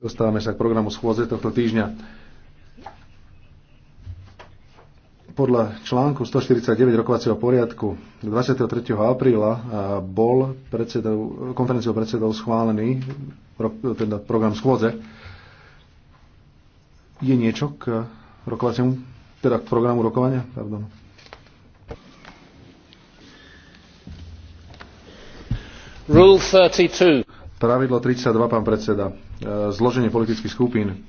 Dostávame sa k programu schôdze tohto týždňa. Podľa článku 149 rokovacieho poriadku 23. apríla eh, bol predsedov, konferenciou predsedov schválený teda program schôdze. Je niečo k rokovaciemu, teda k programu rokovania? Pardon. Rule 32. Pravidlo 32, pán predseda. E, zloženie politických skupín.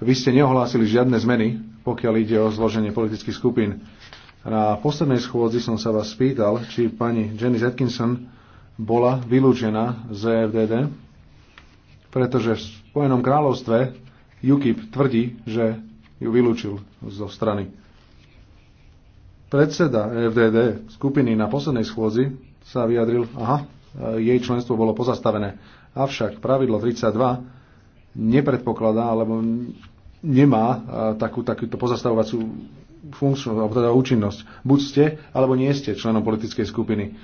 Vy ste neohlásili žiadne zmeny, pokiaľ ide o zloženie politických skupín. Na poslednej schôdzi som sa vás spýtal, či pani Jenny Atkinson bola vylúčená z EFDD, pretože v Spojenom kráľovstve UKIP tvrdí, že ju vylúčil zo strany. Predseda EFDD skupiny na poslednej schôdzi sa vyjadril, aha, E, jej členstvo bolo pozastavené. Avšak pravidlo 32 nepredpokladá alebo nemá e, takú, takúto pozastavovacú funkciu, alebo teda účinnosť. Buď ste, alebo nie ste členom politickej skupiny.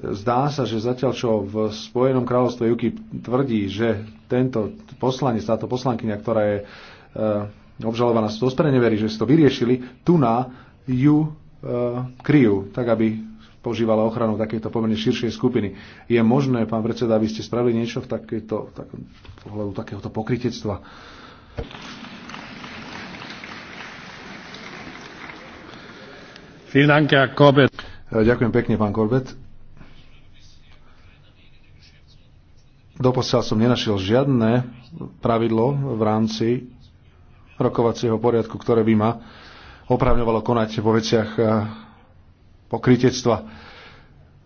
Zdá sa, že zatiaľ čo v Spojenom kráľovstve UKIP tvrdí, že tento poslanec, táto poslankyňa, ktorá je e, obžalovaná, to neverí, že si to vyriešili, tu na ju e, kryjú, tak aby požívala ochranu takejto pomerne širšej skupiny. Je možné, pán predseda, aby ste spravili niečo v takéto, tak, pohľadu takéhoto pokritectva? E, ďakujem pekne, pán Korbet. Doposiaľ som nenašiel žiadne pravidlo v rámci rokovacieho poriadku, ktoré by ma opravňovalo konať vo veciach e, pokritectva.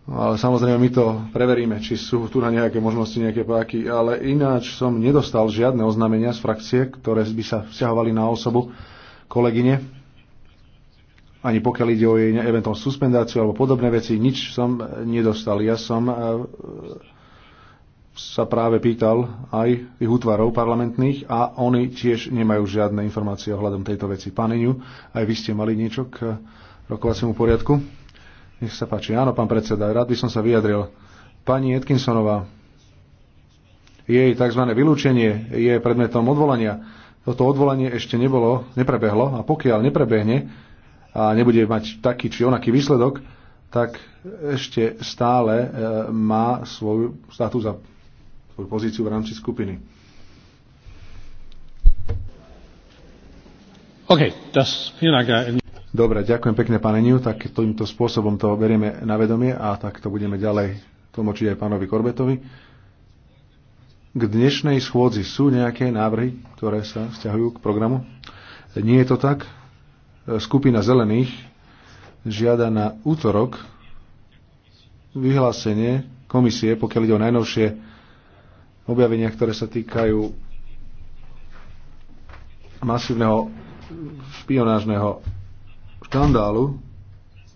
No, ale samozrejme my to preveríme, či sú tu na nejaké možnosti, nejaké páky. Ale ináč som nedostal žiadne oznámenia z frakcie, ktoré by sa vzťahovali na osobu kolegyne. Ani pokiaľ ide o jej eventuálnu suspendáciu alebo podobné veci, nič som nedostal. Ja som e, sa práve pýtal aj tých útvarov parlamentných a oni tiež nemajú žiadne informácie ohľadom tejto veci. Pán Iňu, aj vy ste mali niečo k rokovaciemu poriadku? Nech sa páči. Áno, pán predseda, rád by som sa vyjadril. Pani Atkinsonová, jej tzv. vylúčenie je predmetom odvolania. Toto odvolanie ešte nebolo, neprebehlo a pokiaľ neprebehne a nebude mať taký či onaký výsledok, tak ešte stále e, má svoj status a svoju pozíciu v rámci skupiny. Okay, das, vielen Dank, Dobre, ďakujem pekne, pane Niu, tak týmto spôsobom to berieme na vedomie a tak to budeme ďalej tlmočiť aj pánovi Korbetovi. K dnešnej schôdzi sú nejaké návrhy, ktoré sa vzťahujú k programu? Nie je to tak. Skupina zelených žiada na útorok vyhlásenie komisie, pokiaľ ide o najnovšie objavenia, ktoré sa týkajú masívneho špionážneho škandálu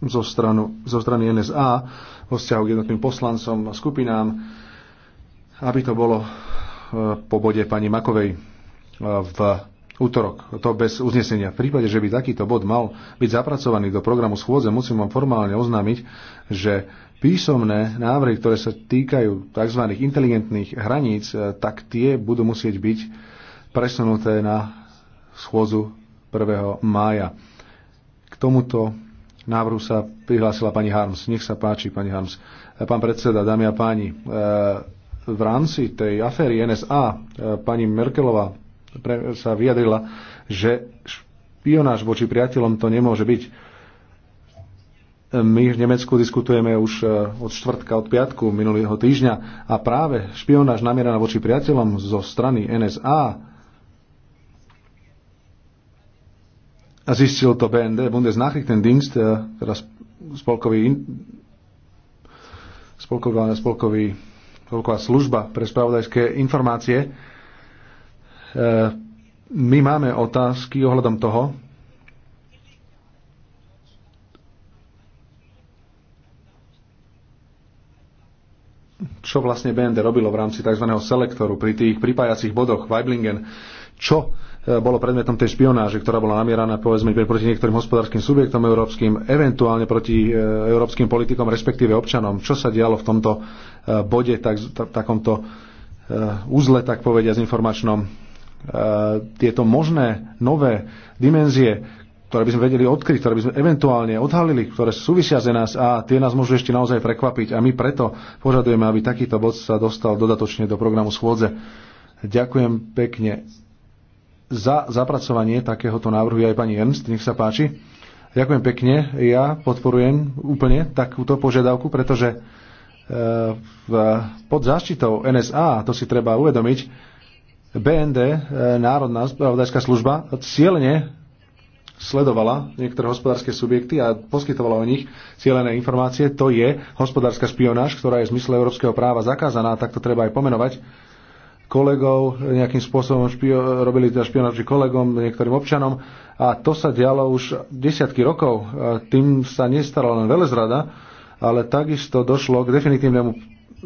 zo, stranu, zo strany NSA vo vzťahu k jednotným poslancom a skupinám, aby to bolo eh, po bode pani Makovej eh, v útorok, to bez uznesenia. V prípade, že by takýto bod mal byť zapracovaný do programu schôdze, musím vám formálne oznámiť, že písomné návrhy, ktoré sa týkajú tzv. inteligentných hraníc, eh, tak tie budú musieť byť presunuté na schôzu 1. mája tomuto návrhu sa prihlásila pani Harms. Nech sa páči, pani Harms. E, pán predseda, dámy a páni, e, v rámci tej aféry NSA e, pani Merkelová sa vyjadrila, že špionáž voči priateľom to nemôže byť. My v Nemecku diskutujeme už od štvrtka, od piatku minulého týždňa a práve špionáž namieraná voči priateľom zo strany NSA a zistil to BND, Bundesnachrichtendienst, teda spolkový, spolková, spolkový, spolková služba pre spravodajské informácie. E, my máme otázky ohľadom toho, čo vlastne BND robilo v rámci tzv. selektoru pri tých pripájacích bodoch Weiblingen, čo E, bolo predmetom tej špionáže, ktorá bola namieraná povedzme proti niektorým hospodárskym subjektom európskym, eventuálne proti e, európskym politikom, respektíve občanom. Čo sa dialo v tomto e, bode, tak, takomto uzle, tak povedia, z informačnom. Tieto možné nové dimenzie, ktoré by sme vedeli odkryť, ktoré by sme eventuálne odhalili, ktoré súvisia ze nás a tie nás môžu ešte naozaj prekvapiť. A my preto požadujeme, aby takýto bod sa dostal dodatočne do programu schôdze. Ďakujem pekne za zapracovanie takéhoto návrhu aj pani Ernst. Nech sa páči. Ďakujem pekne. Ja podporujem úplne takúto požiadavku, pretože e, pod záštitou NSA, to si treba uvedomiť, BND, e, Národná spravodajská služba, cieľne sledovala niektoré hospodárske subjekty a poskytovala o nich cieľené informácie. To je hospodárska špionáž, ktorá je v zmysle európskeho práva zakázaná, tak to treba aj pomenovať kolegov, nejakým spôsobom špio, robili teda špionáž kolegom, niektorým občanom. A to sa dialo už desiatky rokov. Tým sa nestarala len velezrada, ale takisto došlo k definitívnemu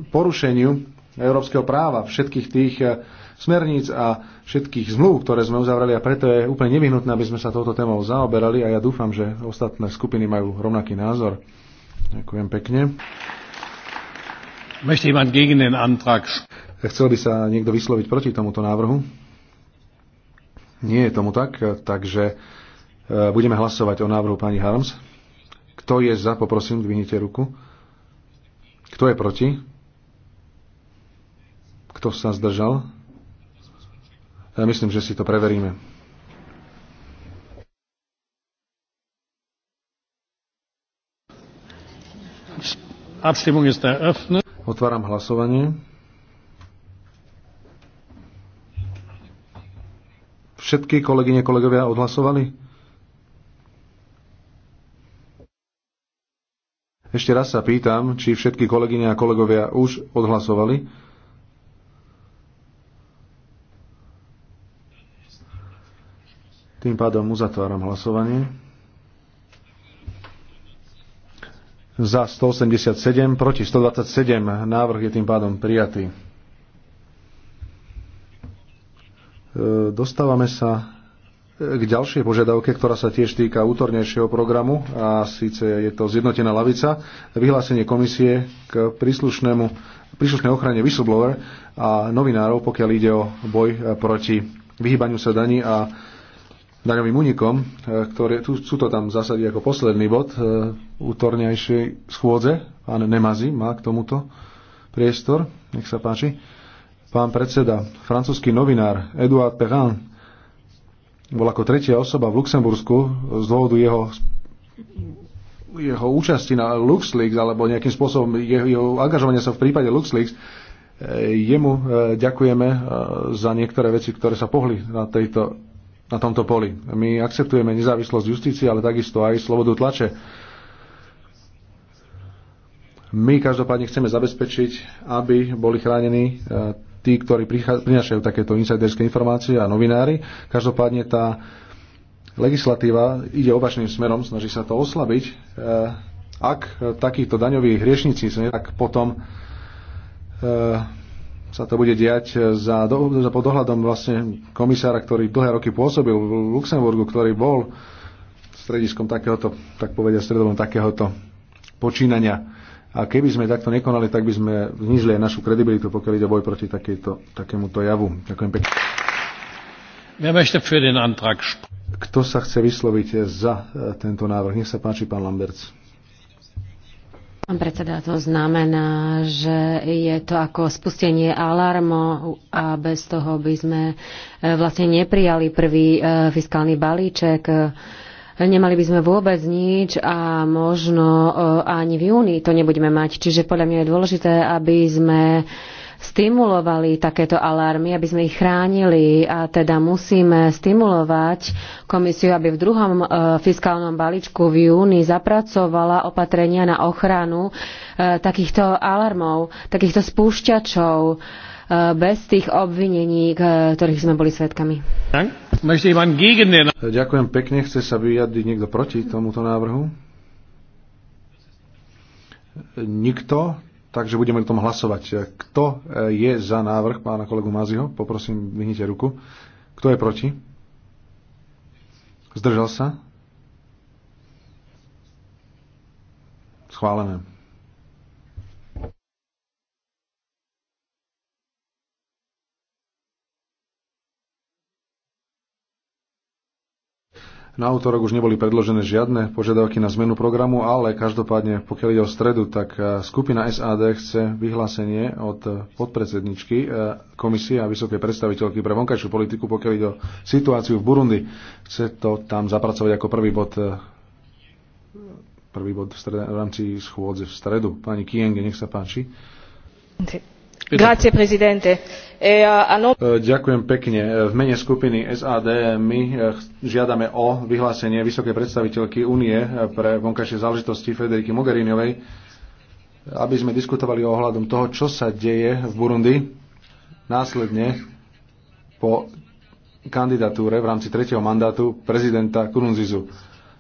porušeniu európskeho práva, všetkých tých e, smerníc a všetkých zmluv, ktoré sme uzavreli a preto je úplne nevyhnutné, aby sme sa touto témou zaoberali a ja dúfam, že ostatné skupiny majú rovnaký názor. Ďakujem pekne. Möchte jemand gegen den Antrag Chcel by sa niekto vysloviť proti tomuto návrhu? Nie je tomu tak, takže e, budeme hlasovať o návrhu pani Harms. Kto je za, poprosím, dvihnite ruku. Kto je proti? Kto sa zdržal? Ja e, myslím, že si to preveríme. Abstimmung ist eröffnet. Otváram hlasovanie. Všetky kolegyne, kolegovia odhlasovali? Ešte raz sa pýtam, či všetky kolegyne a kolegovia už odhlasovali. Tým pádom uzatváram hlasovanie. za 187, proti 127. Návrh je tým pádom prijatý. E, dostávame sa e, k ďalšej požiadavke, ktorá sa tiež týka útornejšieho programu a síce je to zjednotená lavica, vyhlásenie komisie k príslušnému, príslušnej ochrane whistleblower a novinárov, pokiaľ ide o boj e, proti vyhýbaniu sa daní a daňovým únikom, e, ktoré tu, sú to tam zasadí ako posledný bod e, útornejšej schôdze. Pán Nemazi má k tomuto priestor. Nech sa páči. Pán predseda, francúzsky novinár Eduard Perrin bol ako tretia osoba v Luxembursku z dôvodu jeho jeho účasti na LuxLeaks alebo nejakým spôsobom jeho, jeho angažovania sa v prípade LuxLeaks e, jemu ďakujeme za niektoré veci, ktoré sa pohli na tejto na tomto poli. My akceptujeme nezávislosť justície, ale takisto aj slobodu tlače. My každopádne chceme zabezpečiť, aby boli chránení e, tí, ktorí prinašajú takéto insiderské informácie a novinári. Každopádne tá legislatíva ide opačným smerom, snaží sa to oslabiť. E, ak takíto daňoví hriešnici, tak potom e, sa to bude diať e, za, do, za pod dohľadom vlastne komisára, ktorý dlhé roky pôsobil v Luxemburgu, ktorý bol strediskom takéhoto, tak povedia stredovom takéhoto počínania. A keby sme takto nekonali, tak by sme znižili aj našu kredibilitu, pokiaľ ide boj proti takejto, takémuto javu. Ďakujem pekne. Kto sa chce vysloviť za e, tento návrh? Nech sa páči, pán Lamberts. Pán predseda, to znamená, že je to ako spustenie alarmu a bez toho by sme e, vlastne neprijali prvý e, fiskálny balíček. Nemali by sme vôbec nič a možno e, ani v júni to nebudeme mať. Čiže podľa mňa je dôležité, aby sme stimulovali takéto alarmy, aby sme ich chránili a teda musíme stimulovať komisiu, aby v druhom e, fiskálnom balíčku v júni zapracovala opatrenia na ochranu e, takýchto alarmov, takýchto spúšťačov e, bez tých obvinení, ktorých sme boli svetkami. Ďakujem pekne. Chce sa vyjadriť niekto proti tomuto návrhu? Nikto. Takže budeme o tom hlasovať. Kto e, je za návrh pána kolegu Maziho? Poprosím, vyhnite ruku. Kto je proti? Zdržal sa? Schválené. Na útorok už neboli predložené žiadne požiadavky na zmenu programu, ale každopádne, pokiaľ ide o stredu, tak e, skupina SAD chce vyhlásenie od podpredsedničky e, komisie a vysokej predstaviteľky pre vonkajšiu politiku, pokiaľ ide o situáciu v Burundi. Chce to tam zapracovať ako prvý bod e, prvý bod v, strede, v rámci schôdze v stredu. Pani Kienge, nech sa páči. E, no- e, ďakujem pekne. E, v mene skupiny SAD my žiadame o vyhlásenie vysokej predstaviteľky únie pre vonkajšie záležitosti Federiky Mogheriniovej, aby sme diskutovali o ohľadom toho, čo sa deje v Burundi následne po kandidatúre v rámci tretieho mandátu prezidenta Kurunzizu.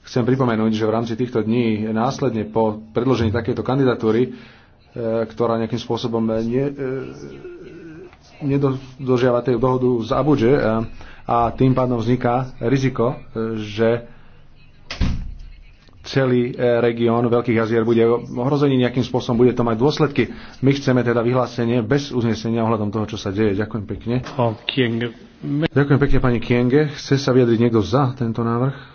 Chcem pripomenúť, že v rámci týchto dní následne po predložení takéto kandidatúry E, ktorá nejakým spôsobom ne, e, nedodržiava tej dohodu z Abuže a tým pádom vzniká riziko, e, že celý región Veľkých jazier bude ohrozený nejakým spôsobom, bude to mať dôsledky. My chceme teda vyhlásenie bez uznesenia ohľadom toho, čo sa deje. Ďakujem pekne. Ďakujem pekne pani Kienge. Chce sa vyjadriť niekto za tento návrh?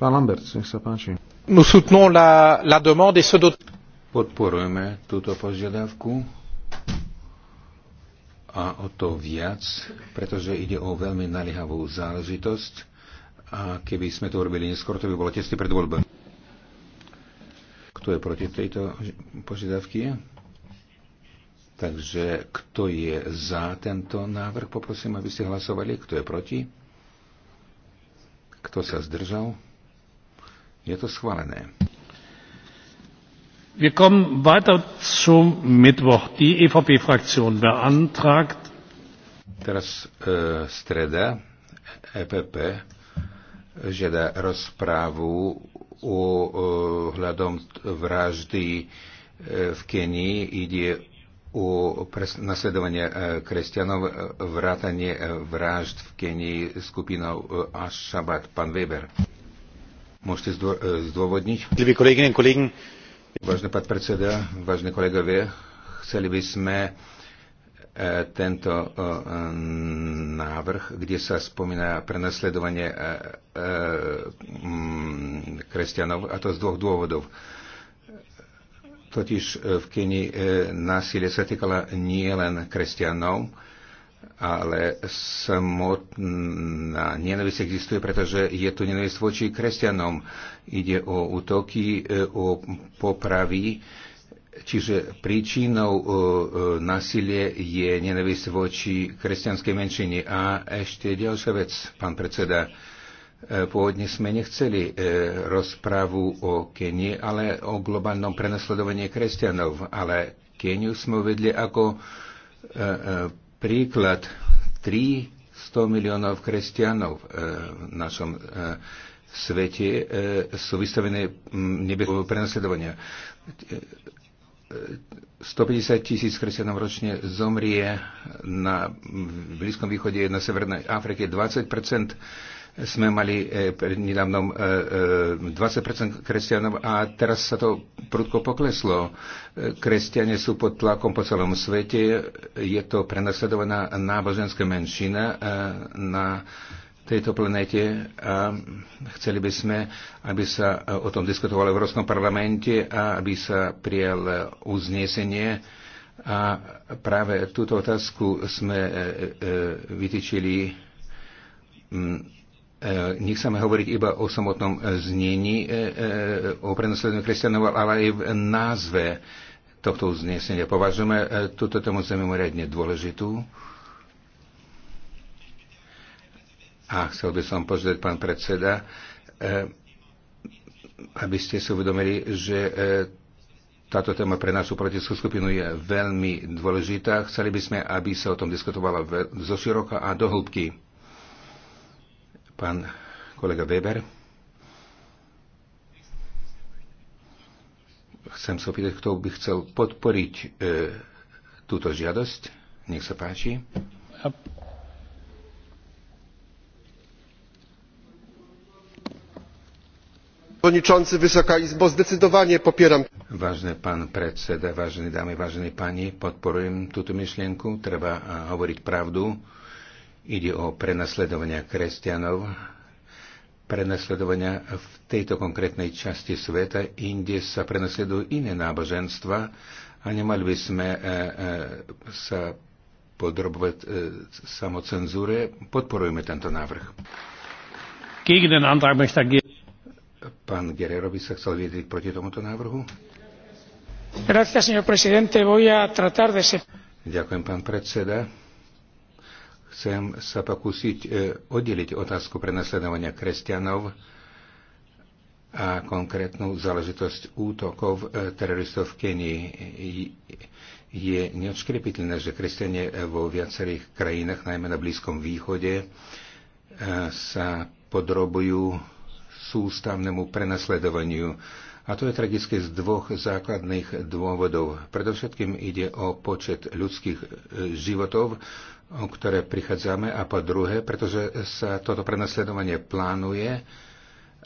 Pán Lambert, nech sa páči. Nous soutenons la, la demande et ce Podporujeme túto požiadavku a o to viac, pretože ide o veľmi naliehavú záležitosť a keby sme to robili neskôr, to by bolo tesne pred voľbami. Kto je proti tejto požiadavky? Takže kto je za tento návrh, poprosím, aby ste hlasovali. Kto je proti? Kto sa zdržal? Je to schválené. Wir kommen weiter zum Mittwoch. Die EVP-Fraktion beantragt. Teraz e, streda. EPP žiada rozprávu o, e, hľadom vraždy e, v Kenii. Ide o nasledovanie e, kresťanov, vrátanie vražd v Kenii skupinou Ash-Shabat. Pán Weber. Môžete e, zdôvodniť? Vážne pán predseda, vážne kolegovia, chceli by sme e, tento e, návrh, kde sa spomína prenasledovanie kresťanov, a to z dvoch dôvodov. Totiž v Kenii násilie sa týkala nielen kresťanov, ale samotná nenávisť existuje, pretože je tu nenávisť voči kresťanom. Ide o útoky, e, o popravy, čiže príčinou e, e, násilie je nenávisť voči kresťanskej menšine. A ešte ďalšia vec, pán predseda. Pôvodne sme nechceli rozprávu o Kenii, ale o globálnom prenasledovaní kresťanov. Ale Keniu sme uvedli ako Príklad 300 miliónov kresťanov e, v našom e, svete e, sú vystavené mm, nebezpečnému prenasledovania. 150 tisíc kresťanov ročne zomrie na Blízkom východe, na Severnej Afrike 20 sme mali e, nedávnom 20% e, e, kresťanov a teraz sa to prudko pokleslo. Kresťania sú pod tlakom po celom svete, je to prenasledovaná náboženská menšina na tejto planete a chceli by sme, aby sa o tom diskutovalo v Európskom parlamente a aby sa prijal uznesenie a práve túto otázku sme vytýčili E, nechceme hovoriť iba o samotnom e, znení, e, o prenasledovaní kresťanov, ale aj v názve tohto uznesenia. Považujeme túto tému za mimoriadne dôležitú. A chcel by som požiadať, pán predseda, aby ste si uvedomili, že táto téma pre našu politickú skupinu je veľmi dôležitá. Chceli by sme, aby sa o tom diskutovala zo široka a do hĺbky. Pán kolega Weber. Chcem sa opýtať, kto by chcel podporiť e, túto žiadosť. Nech sa páči. przewodniczący! Vysoká izbo! zdecidovanie popieram Vážne pán predseda, vážne dámy, vážne pani, podporujem túto myšlienku. Treba e, hovoriť pravdu. Ide o prenasledovania kresťanov, prenasledovania v tejto konkrétnej časti sveta, inde sa prenasledujú iné náboženstva a nemali by sme e, e, sa podrobovať e, samocenzúre. Podporujeme tento návrh. Er pán Guerrero by sa chcel vyjadriť proti tomuto návrhu. Gracias, señor presidente. Voy a tratar de... Ďakujem, pán predseda Chcem sa pokúsiť e, oddeliť otázku prenasledovania kresťanov a konkrétnu záležitosť útokov e, teroristov v Kenii. Je neodškrepiteľné, že kresťanie vo viacerých krajinách, najmä na Blízkom východe, e, sa podrobujú sústavnému prenasledovaniu a to je tragické z dvoch základných dôvodov. Predovšetkým ide o počet ľudských e, životov, o ktoré prichádzame, a po druhé, pretože sa toto prenasledovanie plánuje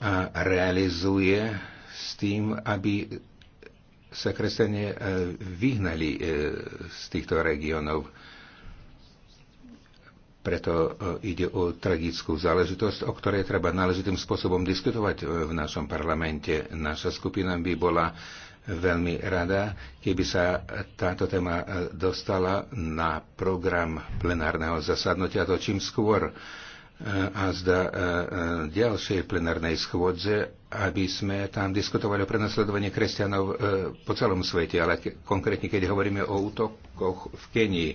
a realizuje s tým, aby sa kresťania e, vyhnali e, z týchto regiónov. Preto e, ide o tragickú záležitosť, o ktorej treba náležitým spôsobom diskutovať e, v našom parlamente. Naša skupina by bola veľmi rada, keby sa táto téma e, dostala na program plenárneho zasadnutia, to čím skôr a zda e, e, ďalšej plenárnej schôdze, aby sme tam diskutovali o prenasledovaní kresťanov e, po celom svete, ale konkrétne keď hovoríme o útokoch v Kenii.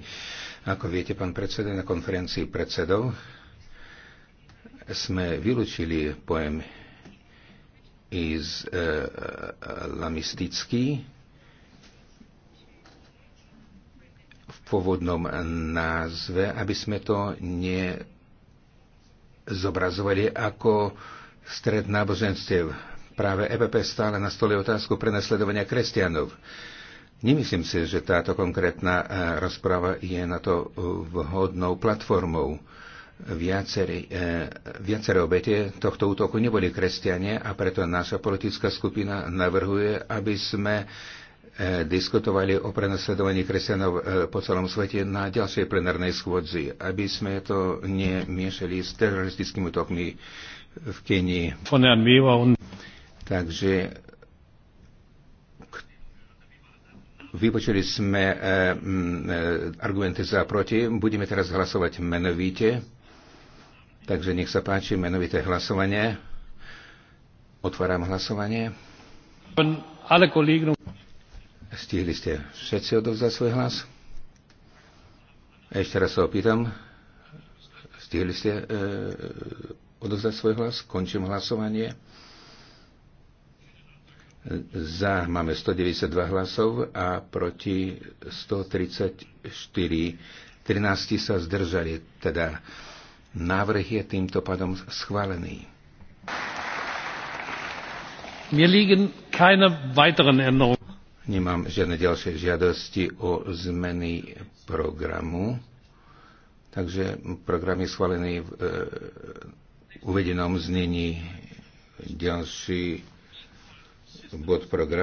Ako viete, pán predseda, na konferencii predsedov sme vylúčili pojem islamistický v pôvodnom názve, aby sme to ne zobrazovali ako stred náboženstiev. Práve EPP stále na stole otázku prenasledovania kresťanov. Nemyslím si, že táto konkrétna e, rozprava je na to e, vhodnou platformou. Viacere, viacere obete tohto útoku neboli kresťania a preto naša politická skupina navrhuje, aby sme E, diskutovali o prenasledovaní kresťanov e, po celom svete na ďalšej plenárnej schôdzi, aby sme to nemiešali s teroristickými útokmi v Kenii. Takže vypočuli sme e, argumenty za a proti. Budeme teraz hlasovať menovite. Takže nech sa páči, menovité hlasovanie. Otváram hlasovanie. Alle Kollegen Stihli ste všetci odovzdať svoj hlas? Ešte raz sa opýtam. Stihli ste e, odovzdať svoj hlas? Končím hlasovanie. Za máme 192 hlasov a proti 134. 13 sa zdržali, teda návrh je týmto pádom schválený. Mir liegen keine weiteren Änderungen. Nemám žiadne ďalšie žiadosti o zmeny programu. Takže program je schválený v e, uvedenom znení ďalší bod programu.